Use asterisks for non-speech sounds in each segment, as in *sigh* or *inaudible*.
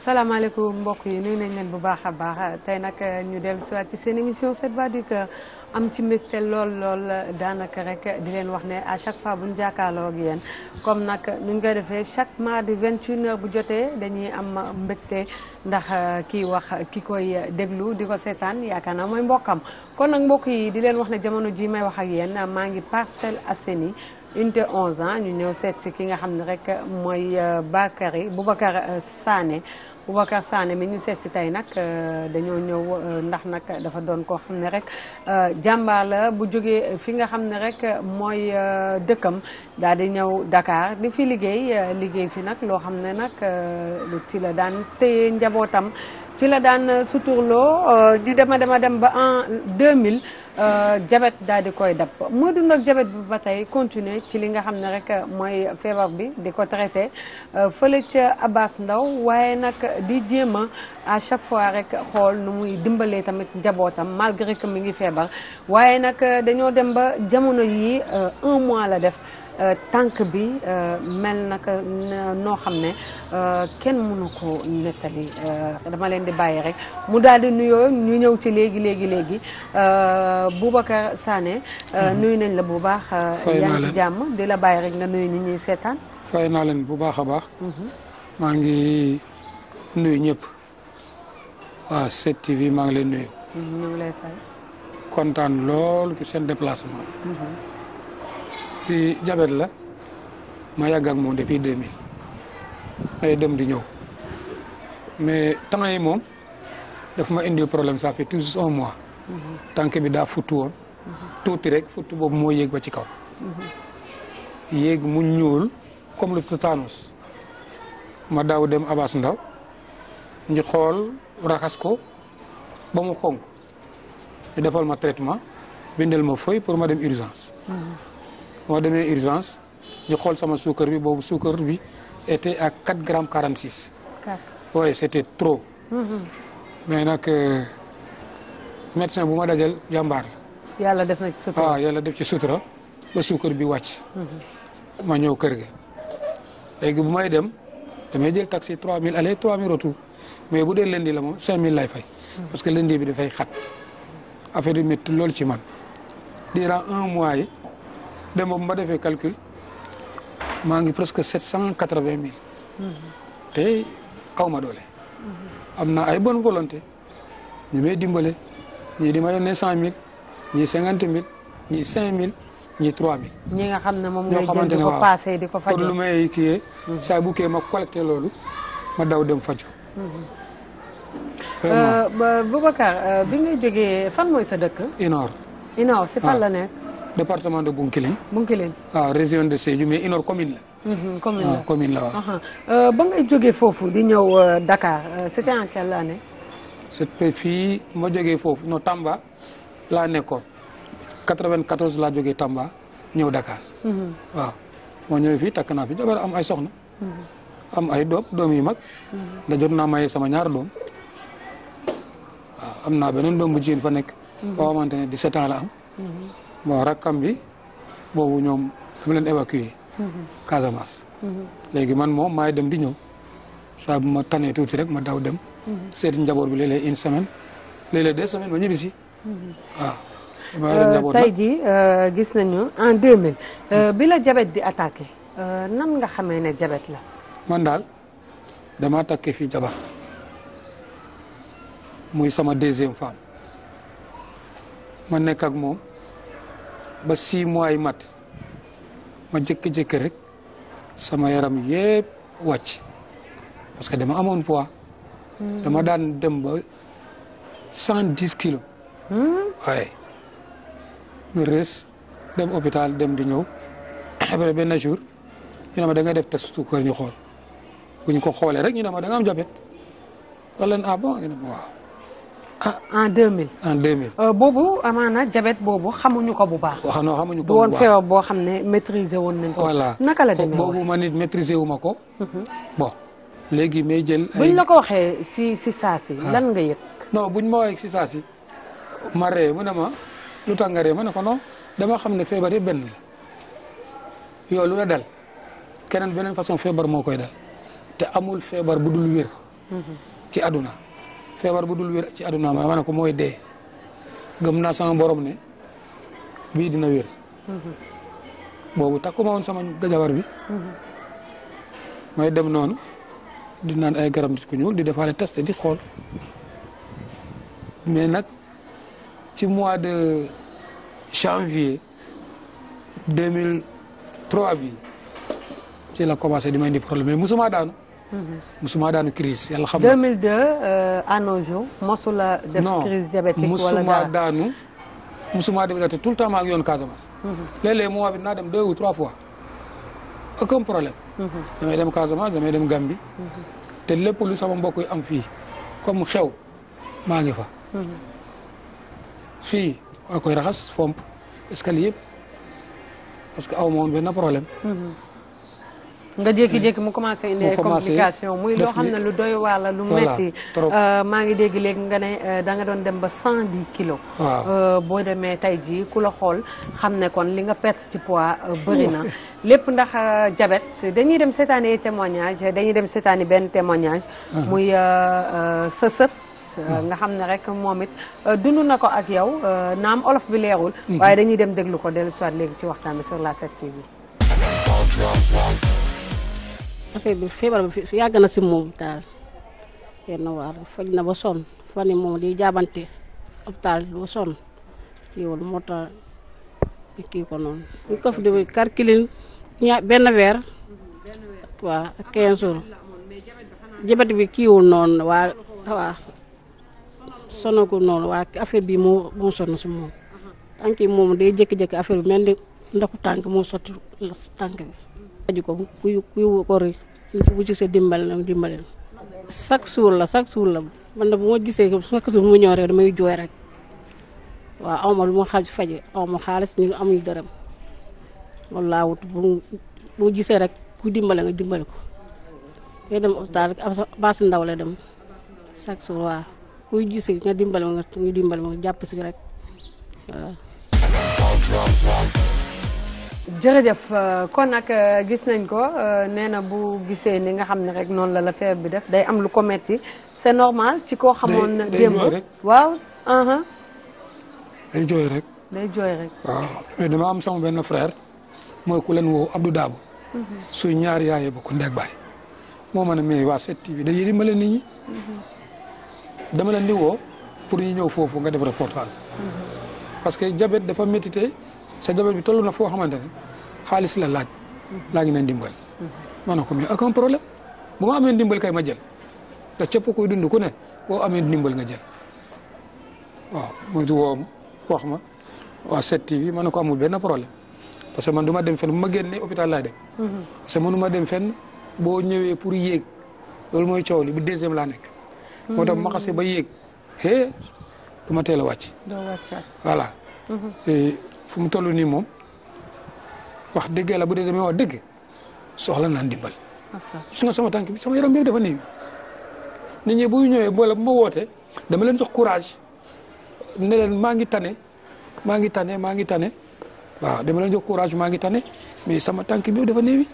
salaamaaleykum mbokk yi nuyu nañ leen bu baax a baax tey nag euh, ñu dellu siwaat ci seen émission 7 voix du cœur am ci mbégte lool lool daanaka rek di leen wax ne à chaque fois bu ñu jàkkaarloo ak yéen comme nag nu ñu koy defee chaque mardi 21h bu jotee dañuy am mbégte ndax euh, kii wax ki koy déglu di ko seetaan yaakaar naa mooy mbokkam kon nag mbokk yi di leen wax ne jamono ji may wax ak yéen maa ngi Parcelles Assainies unité 11 ans ñu ñëw seet si ki nga xam ne rek mooy euh, Bakary Boubacar Sané Boubacar saane mi ñu seet si tey nag euh, dañoo ñëw euh, ndax nag dafa doon koo xam ne rek euh, jàmbaar la bu jógee fi nga xam ne rek mooy dëkkam daal di ñëw dakaar di fi liggéey liggéey fi nag loo xam ne nag ci la daan téye njabootam. ci la daan suturloo ñu euh, dema dema dem ba en 2000 euh, jabet daa di koy dab moo dund ak jabet bi ba tey continuer ci li nga xam ne rek mooy feebar bi di ko traité euh, fële ca Abbas Ndaw waaye nag di jéem a à chaque fois rek xool nu muy dimbalee tamit njabootam malgré que mi ngi feebar waaye nag dañoo dem ba jamono yi un mois la def Euh, tànk bi euh, mel naka euh, noo xam ne kenn mënu ko nettali dama leen di bàyyi rek mu daal di nuyoo ñu ñëw ci léegi léegi léegi Boubacar Sané mhm. nuyu nañ la bu baax yaa ngi jàmm di la bàyyi rek nga nuyu ni ñuy seetaan fay naa leen bu baax a baax mhm. maa ngi nuyu ñëpp waa 7TV maa ngi leen nuyu mhm, ñu ngi lay fay kontaan lool ci seen déplacement jabet la ma yàgg ak moom depuis 2000 ay dem di ñëw mais temps yi moom daf ma indil problème ça fait tout un mois tànk bi daa futtu woon tuuti rek futtu boobu moo yéeg ba ci kaw yéeg mu ñuul comme lu tétanos ma daaw dem Abass Ndao ñu xool raxas ko ba mu xonk defal ma traitement bindal ma feuille pour ma dem urgence moo demee urgence ñu xool sama suukar bi boobu suukar bi était à 4 grammes 46. 4 oui c' était trop. Mm-hmm. mais nag euh, médecin bu ma dajal jàmbaar la. yàlla def na ci sutura ah, def ci sutura ba suukar bi wàcc. Mm-hmm. ma ñëw kër ga. léegi bu may dem damay jël taxi 3000 aller 3000 retour mais bu dee lundi la moom mille lay fay. parce que lundi bi dafay xat affaire yi métti loolu ci man. durant un mois dem boobu ma defee calcul maa ngi presque sept cent quatre vingt mille. te aw ma doole. am na ay bon volonté ñu may dimbale ñii di ma yónnee cent mille ñii cinquante mille ñii cinq mille ñii trois mille. ñi nga xam ne moom ngay jël di ko paasee di ko fajoo kon lu may kiiyee. Mhm. saa bu kiiyee ma collecté loolu ma daw dem faju mhm. vraiment euh, euh, bi ngay jógee fan mooy sa dëkk. Inor. Inor si fan ah. la département de Bounkiling. Bounkiling waaw ah, région de Sédhiou mais Inor commune la. Mm-hmm, ah, uh-huh. euh, ba ngay jógee foofu di ñëw euh, Dakar euh, c'était en quelle année. c'était fii ma jógee foofu non Tamba laa nekkoon 94 laa jógee Tamba ñëw Dakar. Mm-hmm. waaw moo ñëwee fii takk naa fi jabar am ay soxna. Mm-hmm. am ay doom doom yu mag. da jot naa maye sama ñaar doom. waaw am naa beneen doom bu jigéen fa nekk. boo xamante ne 17 ans la am. bon rakkam bi boobu ñoom dama leen évacuer Casamance. léegi man moom maay dem di ñëw saa bu ma tanee tuuti rek ma daw dem. seeti njaboot bi léeg-léeg une semaine léeg-léeg deux semaines ba ñibbi si. waaw euh, tey jii euh, gis nañu en 2000. Euh, bi la jabet di attaqué nan nga xamee ne jabet la. man daal dama takke fii jabar muy sama deuxième femme ma nekk ak moom. ba six mois yi mat ma jékki-jékki rek sama yaram yépp wàcc parce que dama amoon poids. Hmm. dama daan dem ba cent dix kilo waaye hmm. mu rees dem hôpital dem di ñëw *clears throat* après benn jour ñu ne ma def test suukar ñu xool bu ñu ko xoolee rek ñu ne danga am jabet wala ah bon ñu ne ma waaw. ah en 2000. en 2000. Euh, boobu amaana jabet boobu xamuñu ko bu baax. waaw non xamuñu ko bu baax woon feebar boo xam ne maîtriser woon nañ ko. voilà naka la demee boobu man nit maîtriser wu ma ko. Mhm. bon léegi may jël. buñ la ko waxee si si si. Ah. lan nga yëg. non buñ ma waxee si saa si ma ree mu ne ma lu tax nga ree ma ne ko non dama xam ne feebar yi benn la yow lu la dal keneen beneen façon feebar moo koy dal te amul feebar bu dul wér. Mhm. ci àdduna. feebar bu dul wér ci àdduna ma ne ko mooy dee gëm naa sama borom ne bii dina wér. boobu takkuma woon sama gajawar bi. may dem noonu di naan ay garab nit ku ñuul di defaale test di xool mais nag ci mois de janvier deux mille trois bi ci la commencé di may indi problème mais musuma daanu. musuma daanu crise yàlla xam euh, musuma daanu musuma def te tout le temps maa ngi yoon Casamance mhm. léeg-léeg mois bi ou trois fois aucun problème mhm. damay dem Casamance damay dem Gambie mhm. te lépp lu sama am fii comme xew maa fa fii waa koy fomp escalier yëpp parce que aw ma problème nga jékki-jékki mu commencé indi ay muy loo xam ne lu doy waar la lu metti euh, maa ngi dégg léegi nga ne euh, da nga doon dem ba cent dix kilos euh, boo demee tey jii ku la xool xam ne kon li nga perte ci poids bëri na lépp ndax jabet dañuy dem seetaani ay témoignage dañuy dem seetaani benn témoignage ah. muy sa sët nga xam ne rek moom it dund na ko ak yow naam olof bi leerul mhm. waaye dañuy dem déglu ko dellu si léegi ci waxtaan bi sur la 7TV affaire bi feebar bi yàgg na si moom daal yenn waar faj na ba sonn fan moom di jaabante hôpital ba sonn kiiwul moo tax kii ko noonu. waa waa sonagul noonu waa affaire bi moo si moom tànk moom day jékki-jékki affaire bi mel ni ndoxu tànk moo sotti tànk bi. aju ko kuy kuy woor bu gisee dimbal na dimbalel chaque jour la chaque jour la man na bu ma gisee ko jour mu ñëw rek damay jooy rek waaw awma lu ma xaj faje awma xaalis ñu amuñu dërëm loolu laa wut bu bu gisee rek ku dimbale nga dimbali ko day dem hôpital baasi ndaw la dem chaque jour waaw kuy gisee nga dimbale nga jàpp si rek waaw jërëjëf euh, kon nag euh, gis nañ ko euh, nee na bu gisee ni nga xam ne rek noonu la la feer bi def day am lu ko metti c'est normal ci koo xamoon démb waaw uh-huh. day jooy rek day jooy rek waaw mais dama am sama benn frère mooy ku leen woo Abdou Daabo mm-hmm. suy ñaar yaaye bokk ndeeg baay moo mën a mais waa 7TV dañuy dimbale nit ñi mm-hmm. dama leen di woo pour ñu ñëw foofu nga def reportage mm-hmm. parce que jabet dafa méttite sa jabar bi tollu na foo xamante ne xaalis la laaj laa ngi meen dimbal ma ne ko mais aucun problème bu ma amee ndimbal kay ma jël te cëpp koy dund ku ne boo amee ndimbal nga jël waaw mu woo wax ma waaw set TV ma ne ko amul benn problème parce que man du ma dem fenn bu ma génnee hôpital laa dem parce que manuma dem fenn boo ñëwee pour yéeg loolu mooy coow li bu deuxième laa nekk moo tax ma xasee ba yéeg hee du ma teel a fu mu toll nii moom wax dëgg bu dee damay dëgg soxla naa ndimbal. gis nga sama tànk bi sama yaram bi dafa néew. nit ñi bu ñëwee boole bu ma wootee dama leen jox courage ne leen maa ngi tane maa ngi tane maa ngi tane waaw dama leen jox courage maa ngi tane mais sama tànk bi dafa néewi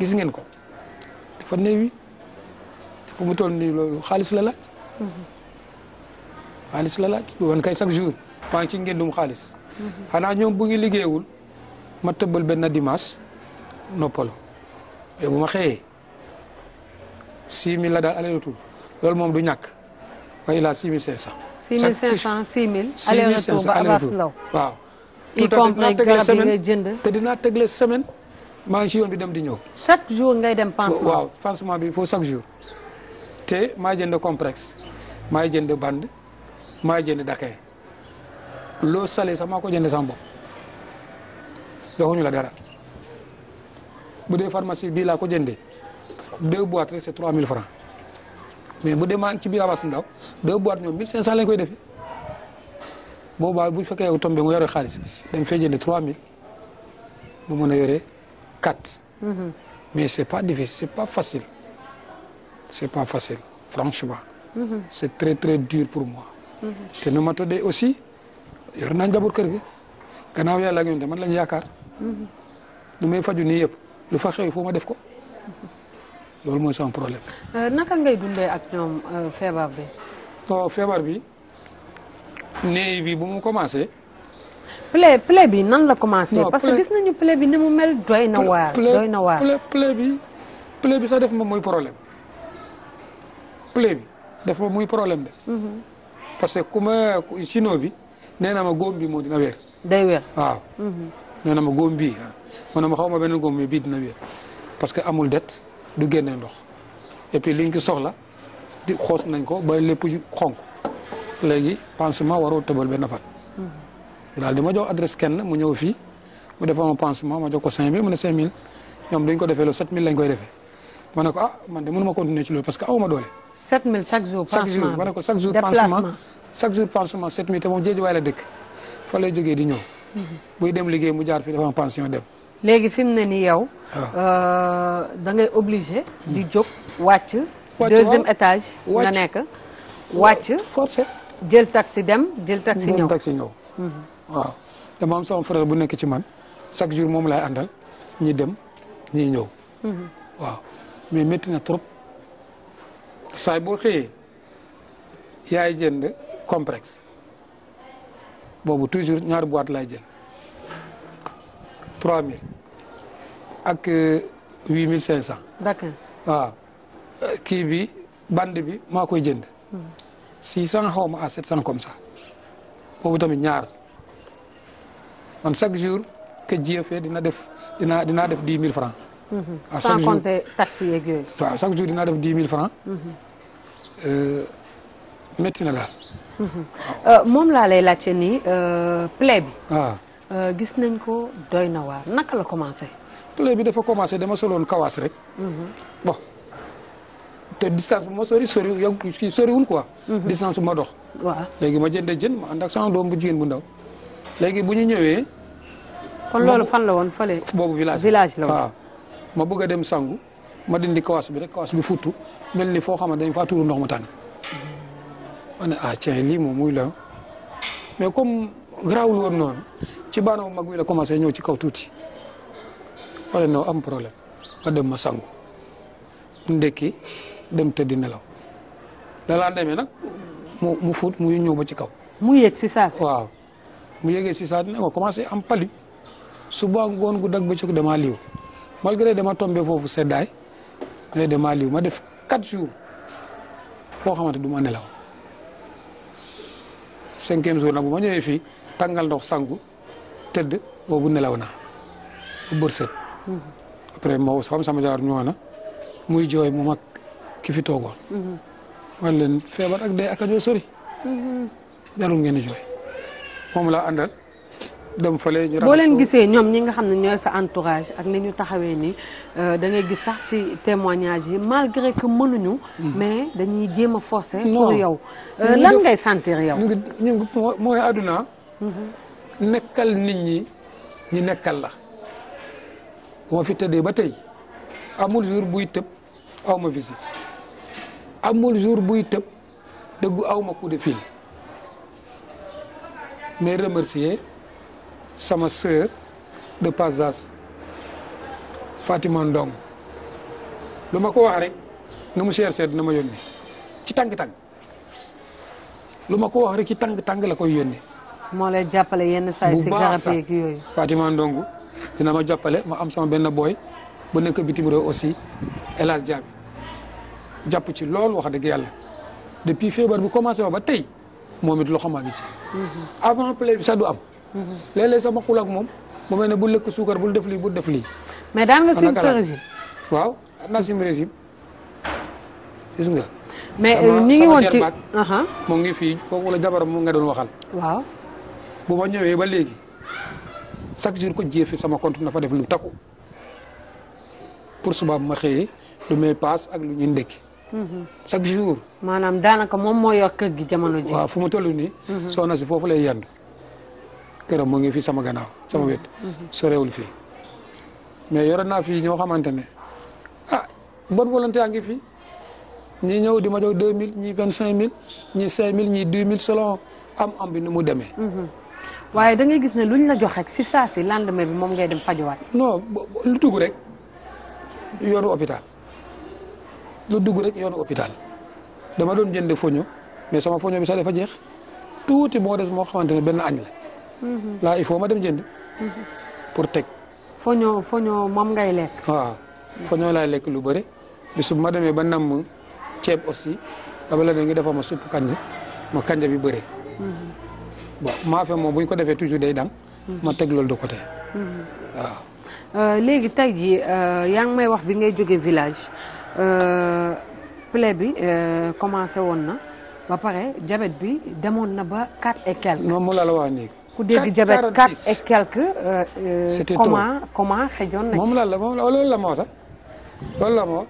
gis ngeen ko dafa néewi fu mu toll nii loolu xaalis la laaj. Mhm. xaalis la laaj bu wan kay chaque jour maa ngi ci ngeen dum xaalis. xanaa ñoom bu ñu liggéeyul ma tëbbal benn dimanche noppalu mais bu ma xëyee six mille la daal aller retour loolu moom du ñàkk waaye il a six mille cinq cent. six mille cinq cent six mille. aller retour ba Abass Ndao waaw. y compris garab yi nga jënd te dinaa tegle semaine maa ngi ci yoon bi dem di ñëw. chaque jour ngay dem pansement waaw pansement bi il faut chaque jour. te maa jënd complexe maa jënd bande maa jënd dakay. loo sale sax maa ko jëndee sama bopp joxuñu la dara bu dee pharmacie bii laa ko jëndee deux boîtes rek c'est mille francs mais bu dee maa ngi ci biir Abass Ndao deux boîtes ñoom 1500 lañ koy defee boobaa bu fekkee yow tombé mu yore xaalis dañ fay jëndee 3000 mu mën a yore 4. Mhm. mais c'est pas difficile c'est pas facile c'est pas facile franchement. Mhm. c'est très très dur pour moi. Mhm. te nu ma tëddee aussi. yor naa njaboot kër gi gannaaw yàlla ak yonent man lañ yakaar mhm. lu muy faju ni yëpp lu fa xew foo ma def ko loolu mooy sama problème. Euh, naka ngay dundee ak ñoom euh, feebar bi. non feebar bi néew bi bu mu commencé. plaie plaie bi nan la commencé. parce que gis nañu plaie bi ni mu mel doy na waar. doy na waar plaie bi plaie bi sax def ma muy problème plaie bi def ma problème de. Mhm. parce que ku ma chino bi. nee na ma góom bi moom dina wér. day wér waaw. Mhm. nee na ma góom bii ah. man ma xaw ma beneen góom bi bii dina weer parce que amul det du génne ndox et puis liñ ko soxla di xoos nañ ko ba lépp xonk léegi pansement waroo tëbal benn fan. Mhm. daal di ma jox adresse kenn mu ñëw fii mu defal ma pansement ma jox ko 5000 mu ne 5000 ñoom duñ defee loolu 7000 lañ koy defe ma ne ko ah man de mënuma continuer ci loolu parce que awuma doole. 7000 ko chaque jour chaque jour pansement cette nuit te moom géej waay la dëkk fa lay jógee di ñëw. buy dem liggéey mu jaar fi dafa am pension dem. léegi fi mu ne nii yow. Ah. Euh, dangay ngay obligé. Hmm. di jóg wàcc. deuxième étage. nga nekk wàcc. forcé jël taxi dem jël taxi ñëw. taxi ñëw hmm. waaw dama am bu nekk ci man chaque jour moom laay àndal ñi dem ñi ñëw. Hmm. waaw mais métti na trop saay boo xëyee yaay jënd. complexe boobu toujours ñaari boîte lay jël 3000 ak 8500. Euh, d'accord waaw kii bi bande bi maa koy jënd. 600 xaw ma à 700 comme ça boobu tamit ñaar man chaque jour que jiye dina def dina dinaa def 10 000 francs. Mhm. à chaque jour sans compter taxes chaque jour dinaa def 10 000 francs. Mhm. Euh, metti na daal. *laughs* Euh, moom laa lay laajte nii euh, plaie bi. Ah. Euh, gis nañ ko doy na waa naka la commencé. plaie bi dafa commencé dama soloon kawaas rek. Mhm. bon te distance bi ma sori sori yow kii soriwul quoi. Mhm. distance bi ma dox. waaw léegi ma jëndee jën ma ànd ak sama doom bu jigéen bu ndaw léegi bu ñu ñëwee. kon loolu fan la woon fële. boobu village village la woon waaw ah. ma bëgg a dem sangu ma dindi kawaas bi rek kawaas bi futtu mel ni foo xamante ne faa tuuru ndox mu tàng. ma ne ah tiens lii moom muy la mais comme garaawul woon noonu ci baanaaw mag wi la commencé ñëw ci kaw tuuti wala noo am problème ma dem ma sangu ndekki dem tëddi nelaw la laa demee nag mu mu fóot mu ñëw ba ci kaw. mu yëg si saa mu yëgee si saa ne ma commencé am palu suba ngoon gu dag ba ci damaa liw malgré dama tombé foofu seddaay mais damaa liw ma def quatre jours boo xamante du ma nelaw. cinquième jour nag bu ma ñëwee fii tàngal ndox sangu tëdd boobu nelaw na bu bërsët après moo xam sama jaar ñoo na muy jooy mu mag ki fi toogoon. man leen feebar ak dee ak joo sori. Mm-hmm. jarul ngeen jooy moom laa àndal. dem fële ñu boo leen gisee ñoom ñi nga xam ne ñooy sa entourage ak ni ñu taxawee ni euh, da ngay gis sax ci témoignage yi malgré que ñu mm-hmm. mais dañuy jéem a forcer. pour yow euh, lan ngay sentir yow. ñu ngi ñu mooy àdduna. Mm-hmm. nekkal nit ñi ñi nekkal la. moo fi tëddee ba tey amul jour buy tëb aw ma visite amul jour buy tëb dëggu awma ma coup de fil mais remercier. sama sœur de passage Fatima Ndong lu ma ko wax rek na mu cher seet dina ma yónni ci tàng-tàng lu ma ko wax rek ci tàng-tàng la koy yónni moo lay jàppale yenn saa yi si garab yeeg dina ma jàppale ma am sama benn booy bu nekk bitim réew aussi El Hadj jàpp ci loolu wax dëgg yàlla depuis feebar bu commencé ba ba tey moom it loxo maa ngi ci mhm. avant play bi sax am léeg-léeg sama xul ak moom moo mel ne bu lekk suukar bul def lii bu def lii. mais daan nga sim sa waaw naa sim régime gis nga. mais euh, ñi ngi woon ci mu ngi fii kooku la jabaram mu nga doon waxal. waaw. bu ma ñëwee ba léegi chaque jour ko jiyee fi sama compte dafa def lu takku pour suba ma xëyee lu may paas ak lu ñuy ndekki. Mhm. chaque jour. maanaam daanaka moom mooy yor kër gi jamono ji. waaw fu mu toll nii. Mhm. soxna si foofu lay yandu. këram mu ngi fi sama gannaaw sama wet sorewul fii mais yoroon naa fii ñoo xamante ne ah bonne volonté a ngi fi ñii ñëw di ma jox deux mille ñii vingt cinq mille ñii cinq mille ñii dix mille selon am am bi nu mu demee mhm. waaye da ngay gis ne luñ la jox rek si saa si lendemain bi moom ngay dem fajuwaat non lu dugg rek yoonu hôpital lu dugg rek yoonu hôpital dama doon jënd foño mais sama foño bi sax dafa jeex tuuti moo des moo xamante ne benn añ la laa il faut ma dem jënd. pour teg. foño foño moom ngay lekk. waaw foño laay lekk lu bëri bisu ma demee ba namm ceeb aussi dama la ne defoo ma supp kanja ma kanja bi bëri. bon maafe moom bu ko defee toujours day dang ma teg loolu de côté. waaw. Euh, léegi tey jii euh, yaa ngi may wax bi ngay jógee village euh, plaie bi commencé woon na ba pare jabet bi demoon na ba quatre et quelques. non mu la wax nii. ku dégg jabet 4 et quelques. Euh, euh, c'était trop comment comment xëjoon nañu. moom lan la moom loolu la moo sax loolu la moo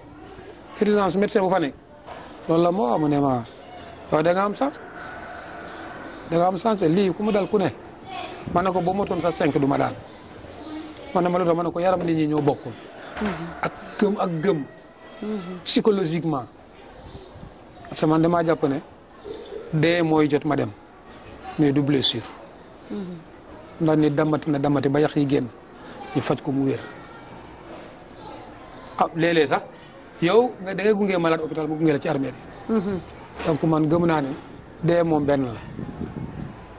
urgence médecin bu fa nekk la moo mu ne ma am sens da am sens lii ku mu dal ku ne ko boo motoon sa cinq du ma daal man ma doon ma ne ko yaram nit ñi ñoo bokkul. Mhm. ak mhm. psychologiquement. parce que jàpp ne dee mooy jot ma dem mais du blessure. ndax nit damati na damati ba yax yi génn ñu faj ko mu wér. ah léeg-léeg sax yow da ngay gunge malade hôpital mu gunge la ci armée yi. Mhm. donc man gëm naa ne dee moom benn la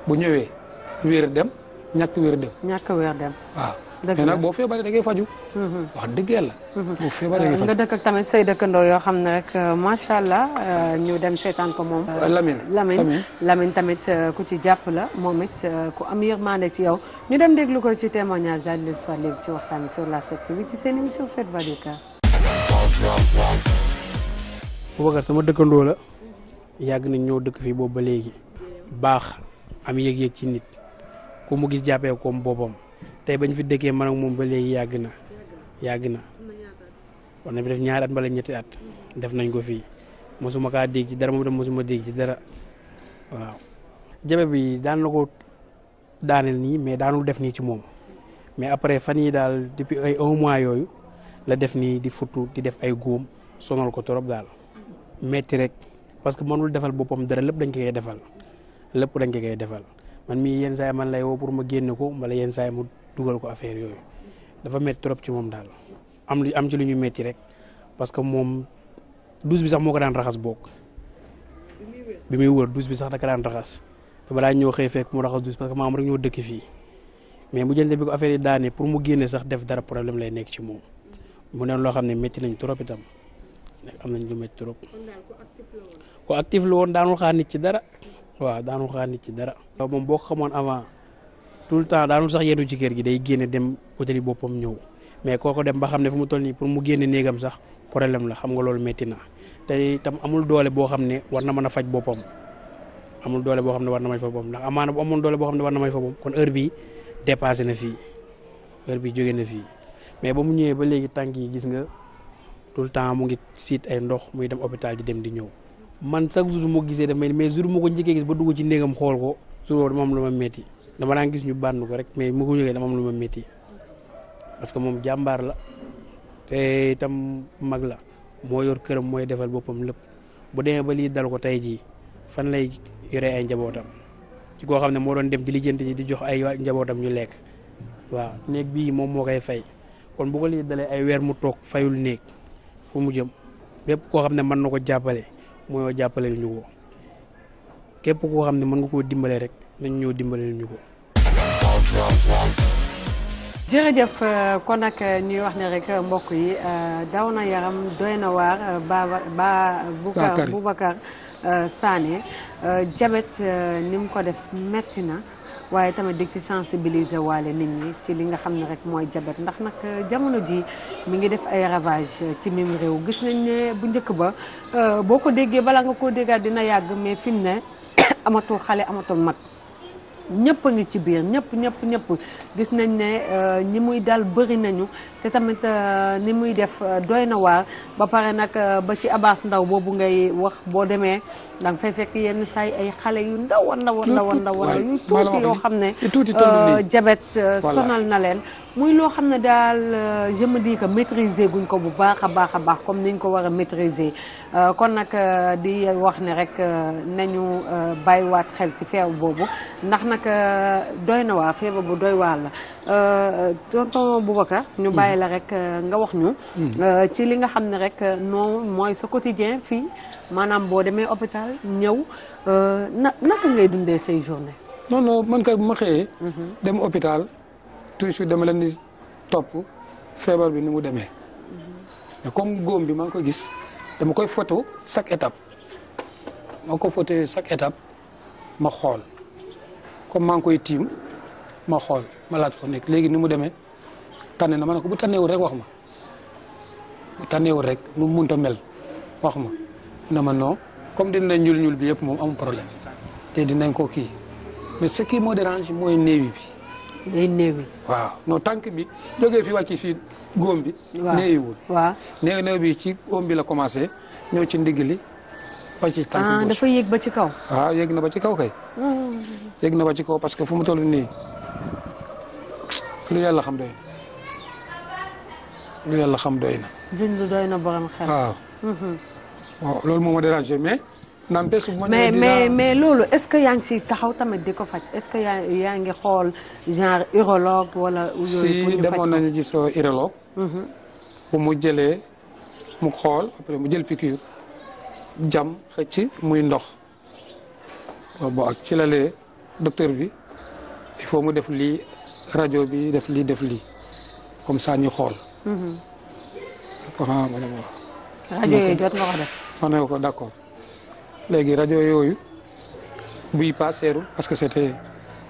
bu ñëwee wéer dem ñàkk wéer dem. ñàkk dëgg la nag boo feebaree da faju. Mm-hmm. wax dëgg yàlla. Mm-hmm. boo feebaree da ngay euh, faju nga dëkk tamit say dëkkandoo yoo xam ne rek euh, macha allah euh, ñu dem seetaan ko moom. lamin Lamine Lamine tamit ku ci jàpp la moom it ku am yërmande ci yow ñu dem déglu ko ci témoignage daal di soit léegi ci waxtaan sur la 7TV ci seen émission 7 Voix du sama dëkkandoo la yàgg nañ ñëw dëkk fii boobu ba léegi baax am yëg-yëg ci nit ku mu gis jàppee koom boppam. tey bañ fi dëkkee man ak moom ba léegi yàgg na yàgg na war na fi def ñaari at mbala ñetti at def nañ ko fii mosuma kaa dégg ci dara moom tam mosuma dégg ci dara waaw. jabe bi daan na ko daaneel nii mais daanul def nii ci moom mais après fan yi daal depuis ay un mois yooyu la def nii di futtu di def ay góom sonal ko trop daal metti rek parce que mënul defal boppam dara lépp dañ ko koy defal lépp dañ ko koy defal man mii yenn saa man lay woo pour ma génne ko mbala yenn dugal ko affaire yooyu dafa métti trop ci moom daal am ci lu ñu métti rek parce que moom douche bi sax moo ko daan raxas bokk bi muy wër douche bi sax da ko daan raxas te balaa ñëw xëy fekk mu raxas douche parce que maam rek ñoo dëkk fii mais bu jëlee bi ko affaire yi daanee pour mu génne sax def dara problème lay nekk ci moom mu neen loo xam ne métti nañ trop itam am na lu métti trop ko actif la woon daanul xaar nit ci dara waaw daanul xaar nit ci dara moom tout le temps daanul sax yendu ci kër gi day génne dem hôtel boppam ñëw mais kooko dem ba xam ne fu mu toll nii pour mu génne néegam sax problème la xam nga loolu métti na te itam amul doole boo xam ne war na mën a faj boppam amul doole boo xam ne war na may fa boppam ndax amaana bu amoon doole boo xam ne war na may fa boppam kon heure bi dépassé na fii heure bi jóge na fii mais ba mu ñëwee ba léegi tànk yi gis nga tout le temps mu ngi siit ay ndox muy dem hôpital di dem di ñëw man chaque jour mu gisee daf may mais jour moo ko njëkkee gis ba dugg ci néegam xool ko jour boobu dama am lu ma dama daan gis ñu bànn ko rek mais mu ko jógee dama am lu que moom jàmbaar la itam mag la moo yor këram mooy defal boppam lépp bu demee ba lii dal ko tey jii fan lay yoree ay njabootam ci koo xam ne moo doon dem di lijjanti ji di jox ay njabootam ñu lekk waaw néeg bii moom moo koy fay kon bu ko lii dalee ay weer mu toog fayul néeg fu mu jëm bépp koo xam ne mën na ko jàppale mooyoo jàppale ñu ko képp koo xam ne mën nga koo dimbalee rek nañ ñëw dimbale ñu ko. jërëjëf euh, kon nag euh, ñuy wax ne rek euh, mbokk yi daw na yaram doy na waar Baba bu Boubacar Sané jabet ni mu ko def metti na waaye tamit dig ci sensibiliser waale nit ñi ci li nga xam ne rek mooy jabet ndax nag jamono ji mu ngi def ay ravage ci mim réew gis nañ ne bu njëkk ba boo ko déggee bala nga ko déggaat dina yàgg mais fi mu ne *coughs* amatul xale amatul mag ñëpp a ngi ci biir ñëpp ñëpp ñëpp gis nañ ne ñi euh, muy dal bëri nañu te tamit euh, ni muy def euh, doy na waar ba pare nag ba ci Abass ndaw boobu ngay wax boo demee da fay fekk yenn saay ay xale yu ndaw a ndaw a ndaw a ndaw yu tuuti yoo xam ne jabet sonal na leen muy loo xam ne daal euh, je me dis que maîtriser guñ ko bu baax a baax a baax comme niñ ko war a maîtriser euh, kon nag euh, di wax ne rek nañu bàyyiwaat xel ci feebar boobu ndax nag doy na waa feebar bu doy waar la tonton Boubacar ñu bàyyi la rek nga wax ñu mm. ci li nga xam ne rek non mooy sa quotidien fii maanaam boo demee hôpital ñëw na naka ngay dundee say journée non non man kay bu ma xëyee mm-hmm. dem hôpital toujours dama leen di topp feebar bi nu mu demee mhm. mais comme góom bi maa ngi koy gis dama koy photo chaque étape maa ko photo chaque étape ma xool comme maa ngi koy tiim ma xool ma laaj ko nekk léegi ni mu demee tànne na ma ne ko bu tànneewul rek wax ma bu tànneewul rek nu mu mënta mel wax ma na ma non comme dina ñuul ñuul bi yëpp moom amul problème te dinañ ko kii mais ce qui me mooy néewi bi. day néewi waaw non bi jógee fi wàcc fii góom bi. waaw bi ci góom bi la commencé ñëw ci ndigg li wàcc ci ah, bi. ah ba ci kaw. waaw ah, na ba ci kaw kay. Hmm. yéeg na ba ci kaw parce que fu mu tol nii lu yàlla xam doy na lu yàlla xam doy na. dund doy hmm. loolu moo ma dérangé mais. n'empêche mais mais mais loolu est ce que yaa si taxaw tamit di ko faj est ce que yaa yaa ngi xool genre urologue wala. yooyu si demoon nañu gis urologue. Mm-hmm. bu mu jëlee mu xool après mu jël piqûre jam xëcc muy ndox bo ak ci la lee bi il faut mu def lii rajo bi def lii def lii comme ça ñu xool. Mm-hmm. rajo yi jot nga ko def. ma ne ko d' accord. léegi rajo yooyu buy paaseerul parce que c'était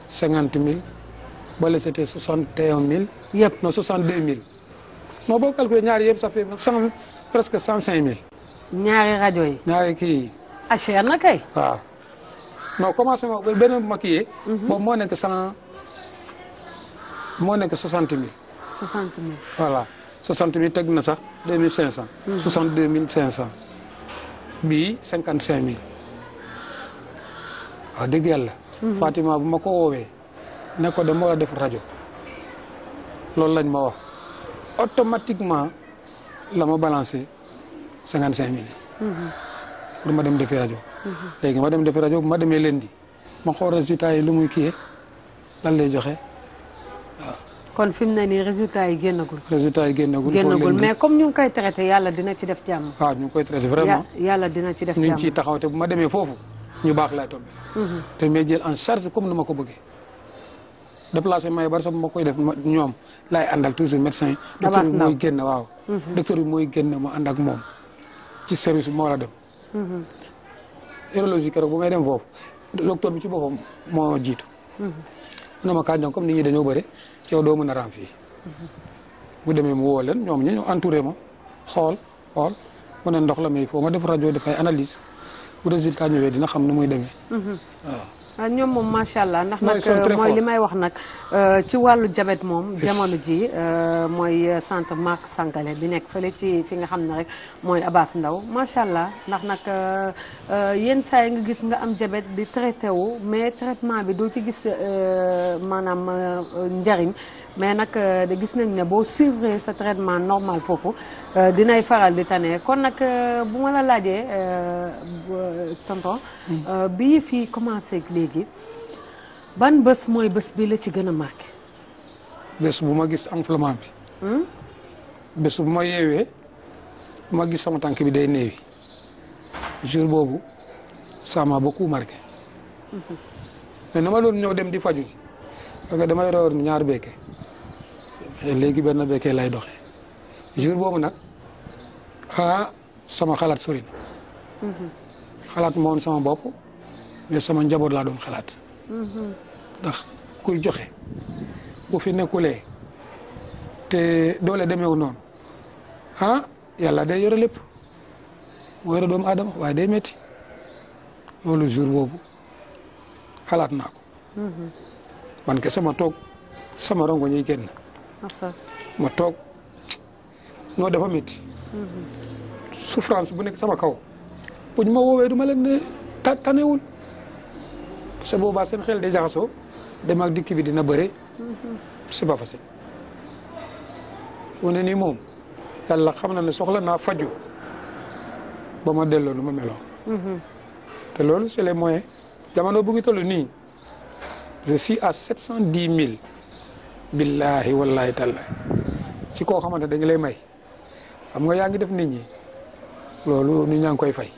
cinquante mille wala c'était soixante mille. yëpp non soixante deux mille. non boo calculé ñaari yëpp ça fait cent presque cent cinq mille. ñaari rajo yi. ñaari kii yi. Ah, cher na kay. waaw non commencé ma beneen bu ma kii yee. Mhm. boobu moo nekk cent moo nekk soixante mille. soixante mille. voilà soixante mille teg na sax deux mille cinq cent. Mhm. soixante mille cinq bii cinquante cinq mille waaw dëgg yàlla. Mhm. Fatima bu ma ko woowee ne ko dama war a def rajo loolu lañ ma wax automatiquement la ma balancé cinquante cinq mille. Mhm. pour ma dem defee rajo. Mhm. léegi ma dem defi rajo bu ma demee leen di ma xool résultat yi lu muy kii lan lay joxe. kon fi mu ne nii résultat yi génnagul. résultat yi génnagul génnagul mais comme ñu ngi koy traité yàlla dina ci def jàmm. waaw ah, ñu ngi vraiment yàlla dina ci def jàmm ñu ngi ciy taxaw te bu ma demee foofu ñu baax laay tombé. dañ mhm. may jël en charge comme ni ma ko bëggee. déplacement yi bari sax ma koy def ñoom laay àndal toujours médecin. docteur bi mooy génn waaw. Mhm. docteur mu mooy génn ma ànd ak moom ci service bi moo la dem. Mhm. urologie keroog bu may dem foofu docteur bi ci boppam moo jiitu. mu ne ma kañ comme nit ñi dañoo bëri yow doo mën a raam fii mu demee mu woo leen ñoom ñi ñu entouré ma xool xool mu ne ndox la mais il faut ma def rajo dafay analyse bu résultat ñëwee dina xam nu muy demee mm-hmm. Ah, ñoom moom macha allah ndax nag mooy li may wax nag euh, ci wàllu jabet moom jamono ji euh, mooy euh, centre Marc Sangalé bi nekk fale ci fi nga xam ne rek mooy Abass Ndao macha allah ndax nag yenn saa yi nga gis nga am jabet di traité wu mais traitement bi doo ci gis maanaam njariñ mais nag gis nañ ne boo suivre sa traitement normal foofu Euh, dinay faral di tane kon nag euh, bu ma la laajee euh, tonton. Mm. bi fii commencé léegi ban bés mooy bés bi la ci gën a marqué. bés bu ma gis enflement bi. Hmm? bés bu ma yeewee ma gis sama tànk bi day néewi jour boobu ça m'a beaucoup marqué. Mm-hmm. mais na ma loolu ñëw dem di faju ji que damay rawar ñaar bekke léegi benn bekke lay doxe jour boobu nag ah sama xalaat sori na xalaat ma sama bopp mais sama njaboot laa doon xalaat ndax kuy joxe bu fi nekkulee te doole demeewu noon ah yàlla day yore lépp moo yore doomu aadama waaye day metti loolu jour boobu xalaat naa ko mhm. man ke sama toog sama rongo ñuy génn ma toog non dafa métti. souffrance bu nekk sama kaw bu ma woowee duma ma leen ne ta tanewul parce boobaa seen xel de jaxasoo dem ak dikk bi dina bëre. c'est pas facile. mu ne nii moom yàlla xam na ne soxla naa faju ba ma delloo nu ma meloon. te loolu c'est les moyens jamono bu ngi toll nii je suis à sept cent dix mille billaahi wallaahi tallaahi ci koo xamante dañu lay may. xam nga yaa ngi def nit ñi loolu nit ñaa ngi koy fay.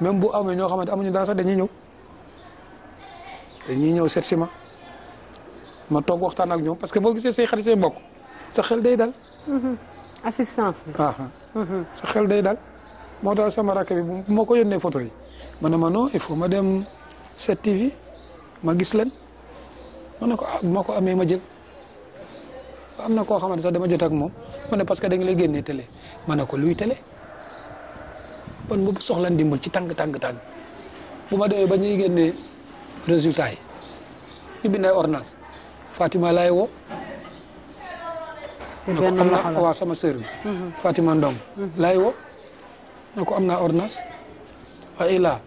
même bu amee ñoo xam xamante amuñu dara sax dañuy ñëw dañuy ñëw seet si ma ma toog waxtaan ak ñoom parce que boo gisee say xarit say mbokk sa xel day dal. Mm-hmm. assistance ah, ah. Mm-hmm. xel day dal moo tax sama rakk bi bu ma ko yónnee photo yi ma ne ma non il faut ma dem set TV ma gis leen ma ne ah, ma ko amee ma jël. am na koo xamante sax dama jot ak moom mu ne parce que dañ lay génnee télé ma ne ko luy télé bon bu soxla ndimbal ci tàng tàng tàng bu ma demee ba ñuy génnee résultat yi ñu bind ay ordonnance laay wo na ko am na waaw sama sœur bi. Mhm. Fatima Ndong. Mhm. laay woo na naa ordonnance waaye laa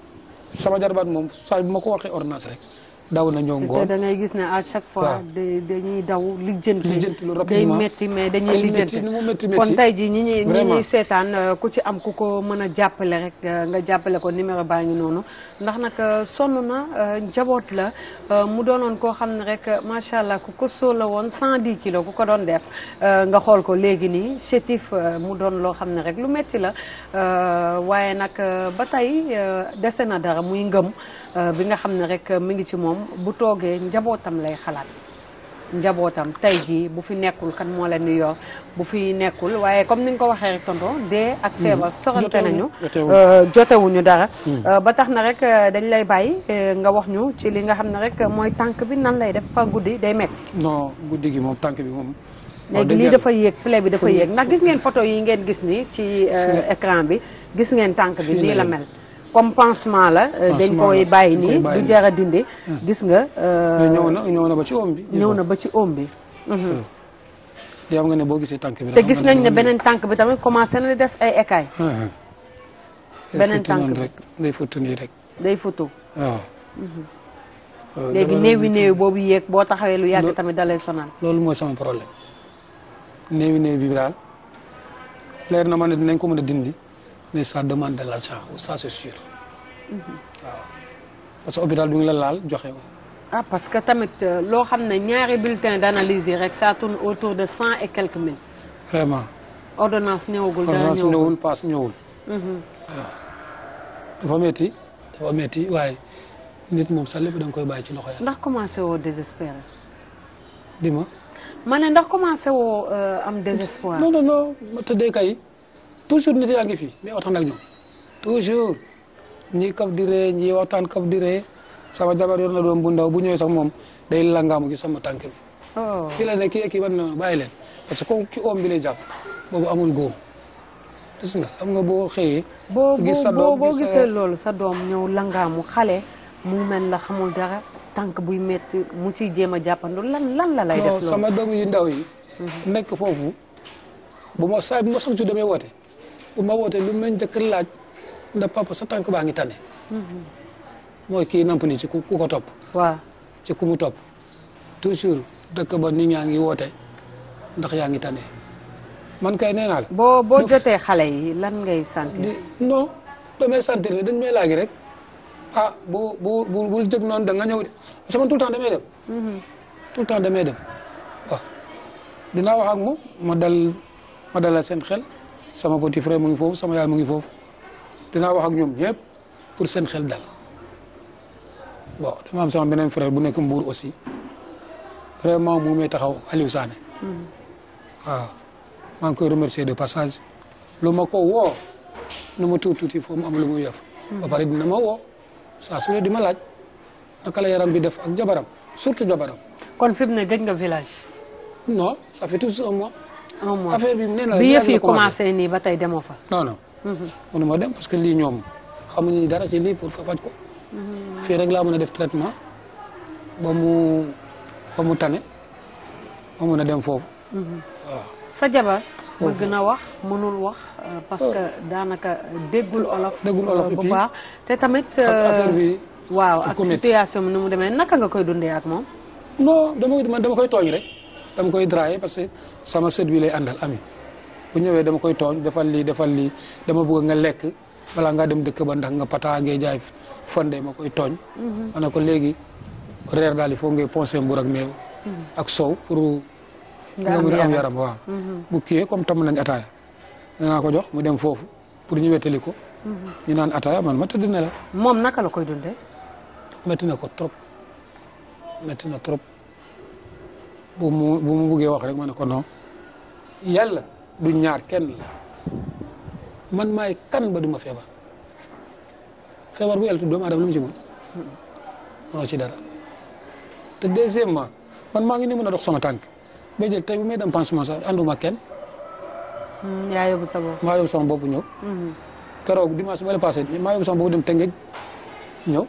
sama jarbaat moom saa bu ma ko waxee ordonnance rek. daw na ñoo ngoon da ngay gis ne à chaque fois. dañuy daw lijjanti. lijjanti lu rapidement métti mais dañuy lijjanti kon tey jii ñi ñuy ñi ñuy seetaan euh, ku ci am ku ko mën a jàppale rek euh, nga jàppale ko numéro baa ngi noonu. ndax nag euh, sonn na njaboot la mu doonoon koo xam ne rek macha allah ku ko sóola woon cent dix kilos ku ko doon def nga xool ko léegi nii chétif mu doon loo xam ne rek lu métti la waaye nag ba tey dese na dara muy ngëm bi nga xam ne rek mu ngi ci moom. bu toogee njabootam lay xalaat njabootam tey jii bu fi nekkul kan moo leen di yor bu fi nekkul waaye comme ni nga ko waxee rek tonton dee ak hmm. feebar sorante nañu jotewuñu euh, dara hmm. euh, ba tax na rek euh, dañ lay bàyyi nga wax ñu ci li nga xam ne rek mooy tànk bi nan lay def par guddi day metti non guddi gi moom tànk bi moom léegi lii dafa yéeg plaie bi dafa yéeg ndax gis ngeen photo yi ngeen gis ni ci écran bi gis ngeen tànk bi nii la mel comme pansement la. Euh, dañ koy bàyyi nii du jar a dindi. Hmm. gis nga. ñëw euh, na ñëw ba ci oom bi. ñëw na ba ci oom bi. Hmm. Hmm. te xam nga ne boo gisee tànk bi. te gis nañ ne beneen tànk bi tamit commencé na def ay écailles. beneen tànk bi day futu nii rek. day futu. waaw. Euh, léegi néewi néewi boobu yéeg boo taxawee lu yàgg tamit dalay sonal. loolu mooy sama problème néewi néew bi daal leer na ma ne dinañ ko mën a dindi. mais ça demande de l'argent ça c'est sûr. waaw parce que hôpital du ñu la laal joxe ko. ah parce que tamit euh, loo xam ne ñaari bulletin d'analyse yi rek sa tourne autour de cent et quelques mille. vraiment. ordonnance ñëwagul dara ñëwagul ordonnance ñëwul paas ñëwul. Mhm. waaw dafa metti dafa waaye nit moom sax lépp da nga koy bàyyi ci loxo yàlla. ndax commencé woo désespéré. di ma. ne ndax commencé woo euh, am désespoir. non non non ma tëddee kay. toujours nit yaa ngi fi mais waxtaan ak ñoom toujours ñi kaf di ree waxtaan kaf di ree sama jabar yor na doom bu ndaw bu ñëwee sax moom day langaamu ci sama tànk bi. kii oh. la ne na bàyyi leen parce ki oom bi lay jàpp boobu amul góom xam nga boo xëyee. gis sa doom boo gisee loolu sa doom ñëw langaamu xale. mu mel la xamul dara tànk buy metti mu ci jéem a jàppandu lan lan la lay def. sama doom yu ndaw yi. Mhm. nekk foofu bu ma saa bu ma sax ju woote. bu ma wootee lu ma njëkk laaj ndax papa sa tànk baa ngi tane. mooy kii namp ni ci ku ko topp. waaw ci ku mu topp. toujours dëkk ba nit ñaa ngi woote ndax yaa ngi tane man kay nee naa boo boo jotee xale yi lan ngay sentir. non damay sentir ne dañ may laaj rek ah bu bu bu bul jëg da nga ñëw de parce que man tout le temps damay dem. Mhm. tout le temps dem waaw dinaa wax ak moom ma dal ma dalal seen xel. sama petit frère mu ngi foofu sama yaay mu ngi foofu dinaa wax ak ñoom ñëpp pour seen xel dal bon dama am sama beneen frère bu nekk Mbour aussi vraiment mu may taxaw Aliou Sané hmm. waaw maa ngi koy remercier de passage lu ma ko woo nu ma tuuti tuuti foofu mu am lu muy yëf hmm. ba pare dina ma woo saa su di ma laaj naka la yaram bi def ak jabaram surtout jabaram kon fi ne gëj nga village non ça fait tout un mois affaire bi nee na bi yëf yi commencé nii ba tey demo fa. non non. Mhm. mënu dem parce que lii ñoom xamuñu dara ci lii pour fa faj ko. Mhm. fii rek laa mën a def traitement ba mu ba tane ma mën a dem foofu. Mhm. sa jabar. bëgg na wax mënul wax. Euh, parce que oh. daanaka déggul olof. déggul olof euh, bu baax te tamit. Euh, affaire bi waaw ak situation bi mu demee naka nga koy dundee ak moom. non dama dama koy tooñ rek. dama koy draayé parce que sama sët bi lay àndal ami bu ñëwee dama koy tooñ defal lii defal lii dama bëgg nga lekk balaa nga dem dëkk ba ndax nga pata ngay jaay fonde ma koy tooñ mhm. ma ko léegi reer daal il faut ngay ak meew mhm. ak soow pour nga mën a am yaram waaw mhm. bu kiyee comme tam nañ ataaya danaa ko jox mu dem foofu pour ñu wettali ko ñu naan ataaya man ma tëdd ne la moom naka la koy dundee métti na ko trop métti na trop bu mu bu mu buggee wax rek ma ko non yàlla du ñaar kenn man maay kan ba ma feebar feebar bu yàlla tudd doomu aadama lu mu ci mën moo ci dara te deuxièmement man maa ngi ni mën a dox sama tànk ba jël tey bu may dem pansement sax ànduma kenn. Hmm, yaa yóbbu sa bopp maa yóbbu sama ñëw. Hmm. keroog dimanche ba la passé maa yóbbu sama bopp dem ñëw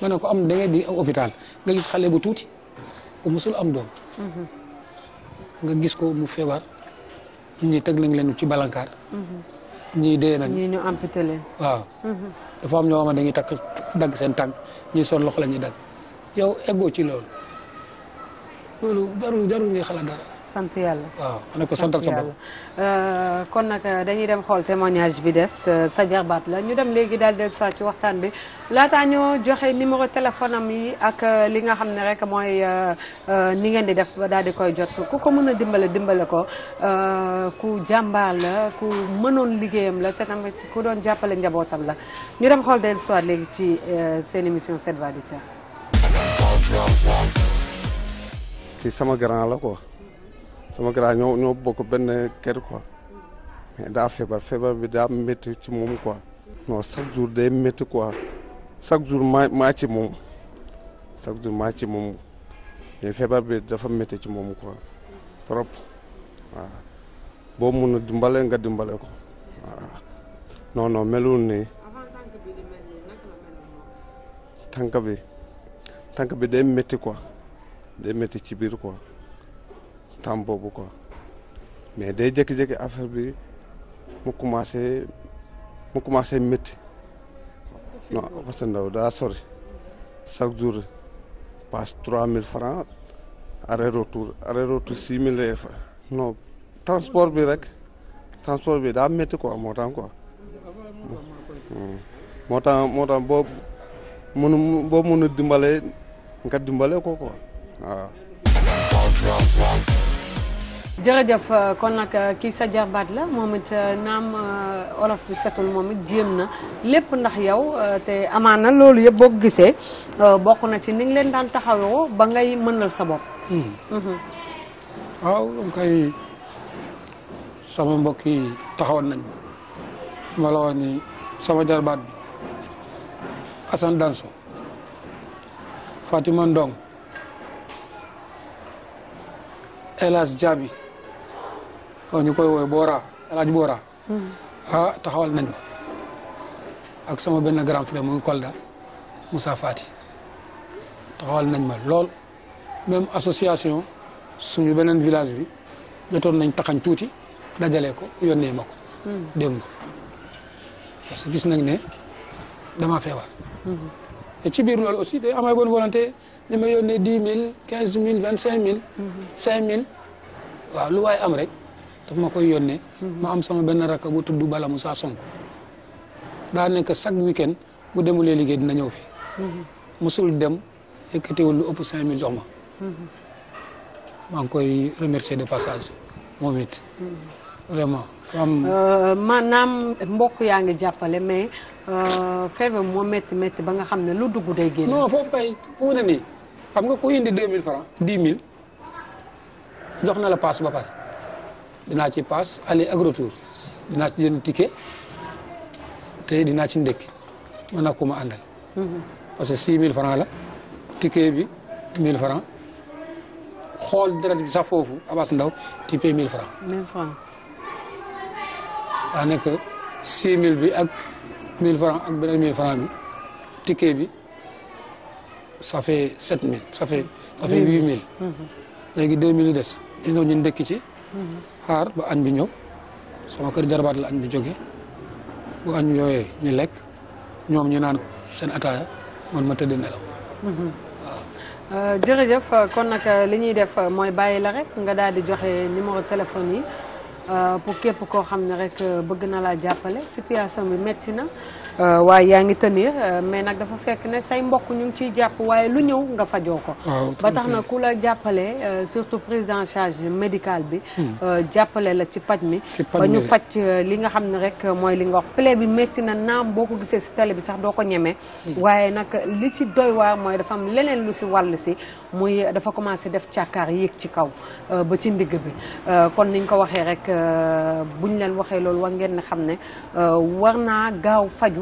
ma ko am da ngay di hôpital nga gis xale bu tuuti. ku musul am doom nga gis ko mu feebar ñi teg nañ leen ci balankaar ñii dee nag ñii ñu amputé leen waaw dafa ñoo xam dañuy takk dagg seen tànk ñi seen loxo la ñuy dagg yow eggoo ci loolu loolu jarul jarul ngay xalaat dara sant yàlla waaw ma ne ko santal sant yàlla euh, kon nag euh, dañuy dem xool témoignage bi des euh, sa jarbaat la ñu dem léegi daal del soit ci waxtaan bi laataa ñoo joxe numéro téléphone am yi ak li nga xam ne rek mooy ni ngeen di def ba daal di koy jot ku ko mën a dimbale dimbale ko ku jàmbaar la ku mënoon liggéeyam la te tamit ku doon jàppale njabootam la ñu dem xool del soit léegi ci seen émission 7 voix du cœur sama grand la quoi sama grand ñoo ñoo bokk benn kër quoi daa feebar feebar bi daa métti ci moom quoi non chaque jour day métti quoi chaque jour maa ci moom chaque jour bi dafa metti ci moom ko trop boo mun a dimbale nga dimbale ko waaw non non melul nii bi tànk bi day métti ko day métti ci biir quoi. temps boobu quoi mais day jékki-jékki affaire bi mu commencé mu commencé métti non Fass daa sori chaque jour passe trois mille francs aller retour aller retour six mille lay fa transport bi rek transport bi daa métti quoi moo tax quoi hmm. moo tax moo tax boo mënu boo mën a dimbale ko quoi jërëjëf euh, kon nag euh, kii sa jarbaat la moom it euh, naam olof bi setul moom it jéem na lépp ndax yow te amaana loolu yëpp boo gisee bokk na ci ni leen daan taxawoo ba ngay mënal sa bopp. Hmm. Mhm. waaw donc kay sama mbokk yi taxawoon nañ ma la wax ni sama jarbaat bi Assane Danso Fatima Ndong. ñu koy woowee Boora El Boora. Hmm. taxawal nañ ma ak sama benn grand frère mu ngi Kolda Moussa Fati taxawal nañ ma lool même association suñu beneen village bi jotoon nañ taxañ tuuti dajale ko yónnee ma ko. Hmm. démb parce que gis nañ ne dama feebar. Hmm. te ci biir loolu aussi day amay bonne volonté ni ma yónnee dix mille quinze mille vingt cinq mille. cinq mille waaw lu waay am rek. daf ma koy yónnee. ma am sama benn rakk bu tudd Bala saa sonk daa nekk chaque weekend bu demulee liggéey dina ñëw fi. musul dem yëkkatiwul lu ëpp 5000 jox ma. maa ngi koy remercier de passage moom it. vraiment. Euh, maanaam mbokk yaa ngi jàppale mais euh, feebar moo métti métti ba nga xam ne lu dugg day génn. non foofu kay fu ne nii xam nga ku indi 2000 francs di 000 jox na la paas ba pare. dinaa ci paas aller ak retour dinaa ci jënd ticket te dinaa ci ndekki man ak ku ma àndal. Mhm. parce que 6000 francs la ticket bi 1000 francs xool deret bi sax foofu Abass Ndao tu paie 1000 francs. 1000 francs. daa bi ak 1000 francs ak beneen 1000 francs bi ticket bi ça fait 7000 ça fait ça fait mhm. léegi 2000 yi des. dañoo ndekki ci. Mhm. xaar ba añ bi ñëw sama kër jarbaat la añ bi jóge bu añ yooyee ñu lekk ñoom ñu naan seen ataaya man ma tëdd nelaw mhm. waaw euh, jërëjëf kon nag euh, li ñuy def euh, mooy bàyyi la rek nga daal di joxe numéro téléphone yi pour képp koo xam ne rek bëgg na laa jàppale situation bi metti na Euh, waaye yaa ngi tenir euh, mais nag dafa fekk ne say mbokk ñu ngi ciy jàpp waaye lu ñëw nga fajoo ko ah, ba tax na ku la jàppale euh, surtout prise en charge médical bi hmm. jàppale la ci paj mi ba ñu faj li nga xam ne rek mooy li nga wax plaie bi métti na naam boo ko gisee si tele bi sax doo ko ñemee hmm. waaye nag li ci doy waar mooy dafa am leneen lu si wàll si muy dafa commencé def càkkaar yéeg ci kaw ba ci ndigg bi kon niñ ko waxee rek buñ leen waxee loolu war ngeen ne xam ne war naa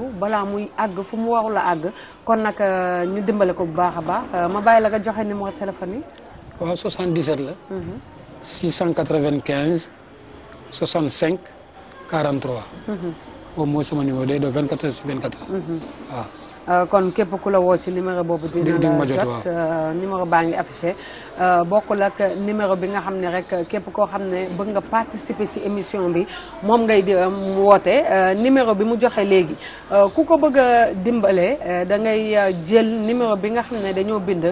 daanu balaa muy àgg fu mu warul a àgg kon nag euh, ñu dimbale ko bu baax a baax euh, ma bàyyi la nga joxe numéro téléphone yi. waaw 77 la. 695 65 43. boobu mooy sama numéro day doon 24 heures sur 24. Mhm. waaw. Euh, kon képp ku la woo ci numéro boobu dina la jot euh, numéro baa ngi affiché euh, bokkul ak numéro bi nga xam ne rek képp koo xam ne bëgg nga participer ci émission bi moom ngay di woote numéro bi mu joxe léegi ku ko bëgg a dimbale da ngay jël numéro bi nga xam ne dañoo bind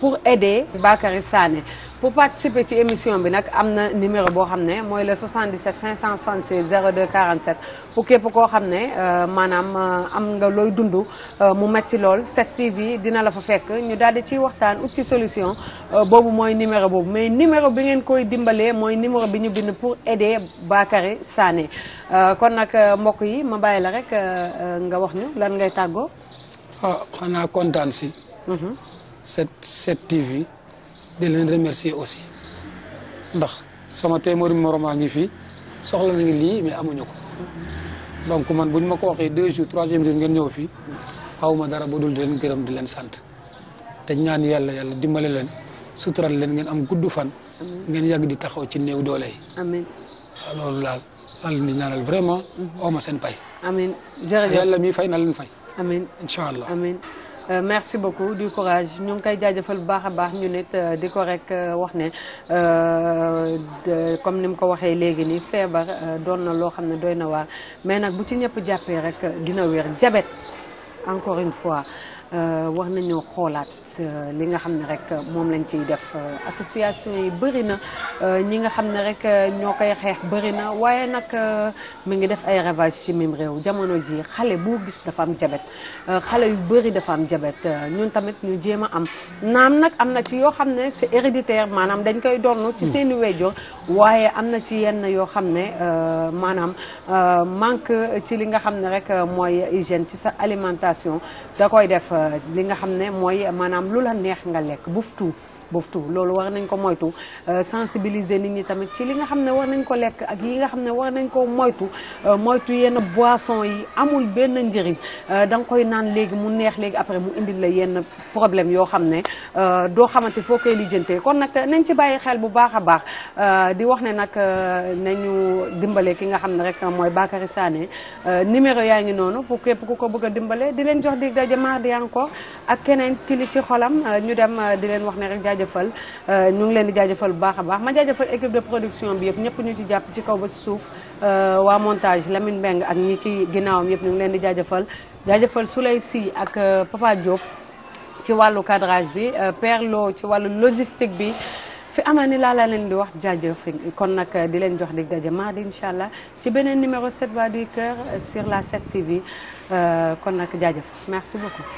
pour aider Bakary Sané pour participer ci émission bi nag am na numéro boo xam ne mooy le 77 566 02 47 pour képp koo xam ne euh, maanaam euh, am nga looy dund euh, mu metti lool 7TV dina la fa fekk ñu daal di ciy waxtaan ut ci solution boobu mooy numéro boobu mais numéro bi ngeen koy dimbalee mooy numéro bi ñu bind pour aider Bakary Sané kon nag mbokk yi ma bàyyi la rek nga wax ñu lan ngay tàggoo. Ah, xanaa kontaan si. Mm-hmm. cette cette TV di leen remercier aussi ndax soma sama téeméeri moromaa ngi fi soxla na nañu lii mais amuñu ko donc man buñ ma ko waxee deux jours troisième jour ngeen ñëw fii xawma dara ba dul leen gërëm di leen sant te ñaan yàlla yàlla dimbale leen sutural leen ngeen am gudd fan ngeen yàgg di taxaw ci néew doole yi amiin ah, loolu daal maa leen di ñaanal vraiment oma mhm. seen pay amiin jërëjëf mi fay na leen fay Euh, merci beaucoup du courage ñu ngi koy jaajëfal bu baax a baax ñu nit euh, di ko rek euh, wax ne comme ni mu ko waxee léegi nii feebar doon na loo xam ne doy na waar mais nag bu ci ñëpp jàppee rek dina wér jabet encore une fois war nañoo xoolaat. Euh, li nga xam ne rek euh, moom lañ ciy def euh, association yi bëri na ñi nga xam ne rek ñoo koy xeex bëri na waaye nag mu ngi def ay ravage ci mim réew jamono ji xale boo gis dafa am jabet xale yu bëri dafa am jabet ñun tamit ñu jéem a am naam nag am na ci yoo xam ne c'est héréditaire maanaam dañ koy donn ci hmm. seeni wéjjo waaye am na ci yenn yoo xam ne maanaam manque ci li nga xam ne rek mooy hygiène ci sa alimentation da koy def li nga xam ne mooy maanaam lu la neex nga lekk buf tout boofu boftu loolu war nañ ko moytu euh, sensibiliser nit ñi tamit ci li nga xam ne war nañ ko lekk ak yi nga xam ne war nañ ko moytu euh, moytu yenn boisson yi amul benn njëriñ euh, da koy naan léegi mu neex léegi après mu indi la yenn problème yoo xam ne doo xamante foo koy lijjantee kon nag nañ ci bàyyi xel bu baax a baax di wax ne nag nañu dimbale ki nga xam ne rek mooy Bakary Sané numéro yaa ngi noonu pour képp ku ko bëgg a dimbale di leen jox di daje mardi encore ak keneen ki li ci xolam ñu dem di leen wax ne rek jaajëfal euh, ñu ngi leen di jaajëfal bu baax a baax ma jaajëfal équipe de production bi yëpp ñëpp ñu ci jàpp ci kaw ba ci suuf euh, waa montage Lamine Mbeng ak ñi ci ginnaawam yëpp ñu ngi di jaajëfal jaajëfal Souley Sy ak euh, Papa Diop ci wàllu cadrage bi Père ci wàllu logistique bi fi amani la laa laa leen di wax jaajëf kon nag di leen jox di daje mardi incha allah ci beneen numéro 7 voix du cœur sur la 7 TV kon nag jaajëf merci beaucoup